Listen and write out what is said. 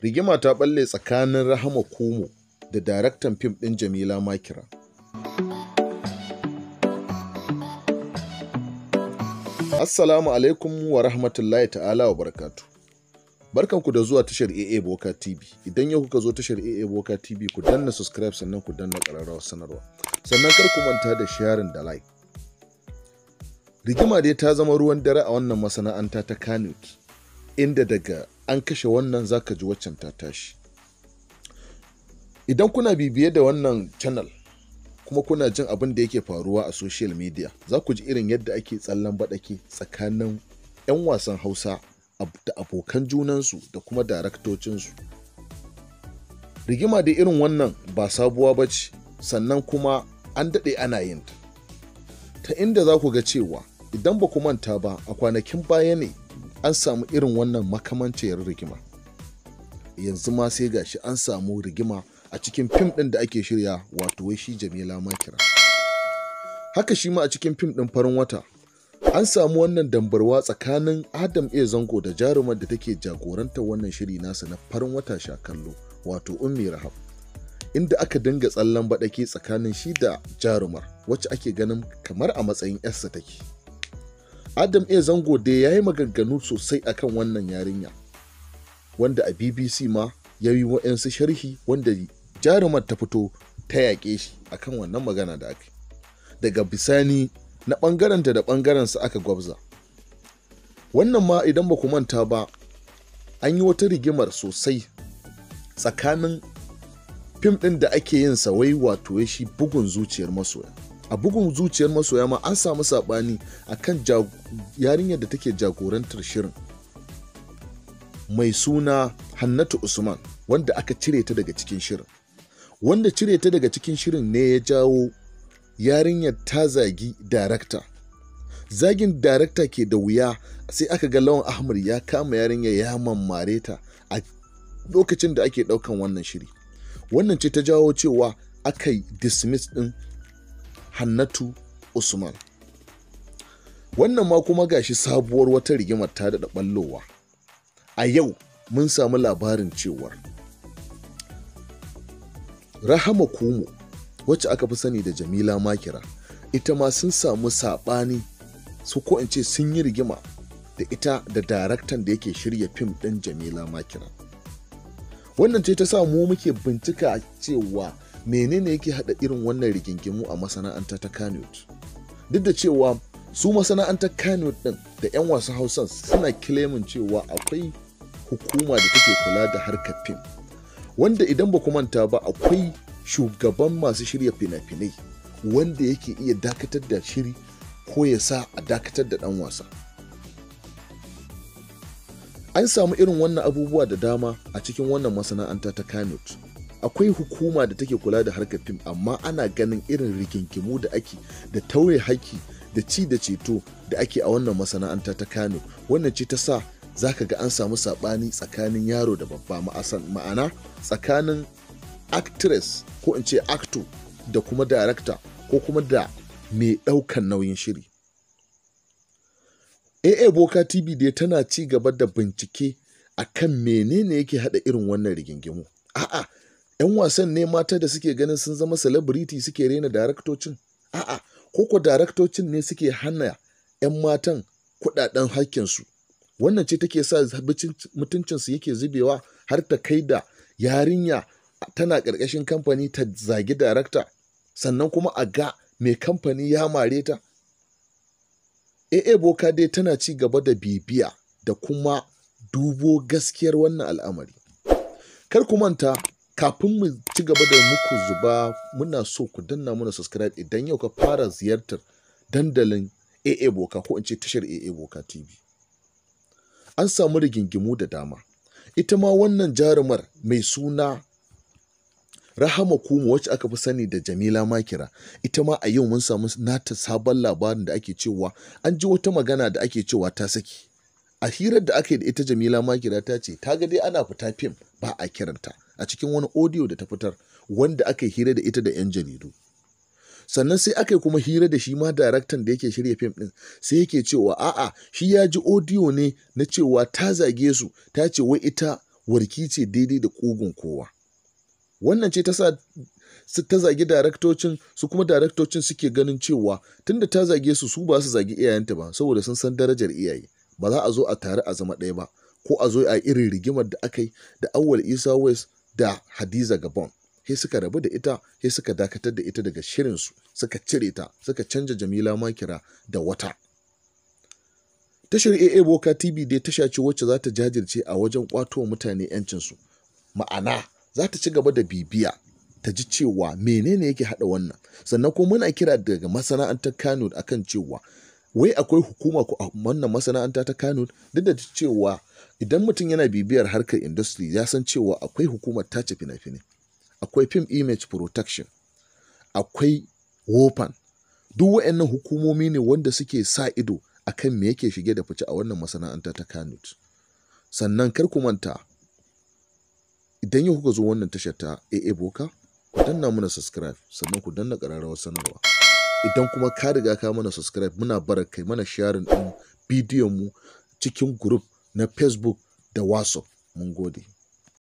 rigima ta balle tsakanin rahama kumo da daraktan fim ɗin jamila makira assalamu alaikum wa rahmatullahi ta'ala wa barakatu barkanku da zuwa tashar aa boka tv idan yau kuka zo tashar aa boka tv ku danna subscribe sannan ku danna ƙararrawar sanarwa sannan kar ku manta da sharing da like rigima dai ta zama ruwan dare a wannan masana'anta ta kanuki inda daga an kashe wannan zaka ji waccan ta tashi idan kuna bibiye da wannan channel kuma kuna jin abin da yake faruwa a social media za ku ji irin yadda ake tsallan baɗaki tsakanin 'yan wasan hausa da abokan junansu da kuma daraktocinsu rigima da irin wannan ba sabuwa ba ce sannan kuma an daɗe ana yin ta ta inda za ku ga cewa idan ba ku manta ba a kwanakin baya ne an samu irin wannan makamanciyar rigima yanzu ma sai gashi an samu rigima a cikin fim ɗin da ake shirya wato wai shi jamila makira haka shi ma a cikin fim ɗin farin wata an samu wannan dambarwa tsakanin adam e zango da jarumar da take jagorantar wannan shiri nasa na farin wata sha kallo wato ummi rahab inda aka dinga tsallan baɗake tsakanin shi da jarumar wacce ake ganin kamar a matsayin yarsa take adam a zango da ya yi maganganu sosai akan wannan yarinya wanda a bbc ma ya yi wa'yansu sharhi wanda jarumar ta fito ta yaƙe shi akan wannan magana da aka daga bisani na ɓangarenta da ɓangaransa aka gwabza wannan ma idan ba ku manta ba an yi wata rigimar sosai tsakanin fim ɗin da ake yin sa wai wato shi bugun zuciyar masoya a bugun zuciyar masoya ma an samu saɓani a kan yarinyar da take jagorantar shirin mai suna hannatu usman wanda aka cire ta daga cikin shirin wanda cire ta daga cikin shirin ne ya jawo yarinyar ta zagi darakta zagin darakta ke da wuya sai aka ga lawan ahmar ya kama yarinyar ya mammare ta a lokacin da ake ɗaukan wannan shiri wannan ce ta jawo cewa aka yi dismiss ɗin hannatu usman wannan ma kuma gashi sabuwar wata rigimar ta daɗa ɓallowa a yau mun samu labarin cewar rahama kumu wacce aka fi sani da jamila makira ita ma sun samu saɓani su ko in ce sun yi rigima da ita da daraktan da yake shirya fim ɗin jamila makira wannan ce ta sa mu muke bincika cewa menene yake hada irin wannan rigingimu a masana'anta ta kanut duk da cewa su masana'antar kanut din da 'yan wasan hausa suna kilemin cewa akwai hukuma da take kula da harkar fim wanda idan ba manta ba akwai shugaban masu shirya fina-finai wanda yake iya dakatar da shiri ko ya sa a dakatar da dan wasa an samu irin wannan abubuwa da dama a cikin wannan masana'anta ta kanut akwai hukuma da take kula da harkar fim amma ana ganin irin rigingimu da ake da tauye haki da ci da ceto da ake a wannan masana'anta ta kano wannan ce ta sa za ka ga an samu sabani tsakanin yaro da babba ma'ana tsakanin actress ko in ce acto da kuma director ko kuma da mai ɗaukan nauyin shiri aa boka tv dai tana ci gaba da bincike akan menene yake haɗa irin wannan rigingimu a'a 'yan wasan ne mata da suke ganin sun zama celebrity suke rena daraktocin a'a ko ko daraktocin ne suke hana 'yan matan kudaden hakkinsu wannan ce take sa mutuncinsu yake zubewa har ta kai da yarinya tana ƙarƙashin kamfani ta zagi darakta sannan kuma a ga mai kamfani ya mare ta aa boka dai tana ci gaba da bibiya da kuma dubo gaskiyar wannan al'amari kar ku manta kafin mu ci gaba da muku zuba muna so ku danna muna subscribe idan yau ka fara ziyartar dandalin AA Boka ko in ce tashar AA Boka TV. An samu rigingimu da dama. Ita ma wannan jarumar mai suna Rahama Kumu wacce aka fi sani da Jamila Makira ita ma a yau mun samu nata sabon labarin da ake cewa an ji wata magana da ake cewa ta saki. A hirar da aka yi da ita Jamila Makira ta ce ta ga dai ana fita fim ba a kiranta. a cikin wani audio da ta fitar wanda aka yi hira da ita da 'yan jaridu sannan sai aka yi kuma hira da shi ma daraktan da yake shirya fim din sai yake cewa a'a shi ya ji audio ne na cewa ta zage su ta ce wai ita warki ce daidai da kugun kowa wannan ce ta sa su ta zagi daraktocin su kuma daraktocin suke ganin cewa tunda ta zage su su ba su zagi iyayenta ba saboda sun san darajar iyaye ba za a zo a tare a zama ɗaya ba ko a zo a irin rigimar da aka yi da awwal isa west da hadiza gabon sai suka rabu da ita sai suka dakatar da ita daga shirinsu suka cire ta suka canja jamila makira da wata tashar aa boka tv dai tasha ce wacce za ta jajirce a wajen kwato mutane yancinsu ma'ana za ta ci gaba da bibiya ta ji cewa menene yake hada wannan sannan kuma muna kira daga masana'antar kano akan cewa wai akwai hukuma ko wannan masana'anta ta Kano duk da cewa idan mutum yana bibiyar harkar industry ya san cewa akwai hukumar tace fina-finai akwai film image protection akwai Wofan. duk wa'annan hukumomi ne wanda suke sa ido akan me yake shige da fice a wannan masana'anta ta Kano sannan kar ku manta idan yau kuka zo wannan tashar ta AA Boka ku danna mana subscribe sannan ku danna ƙararrawar sanarwa idan kuma ka riga ka mana subscribe muna bara kai mana sharing din bidiyon mu cikin group na facebook da whatsapp mun gode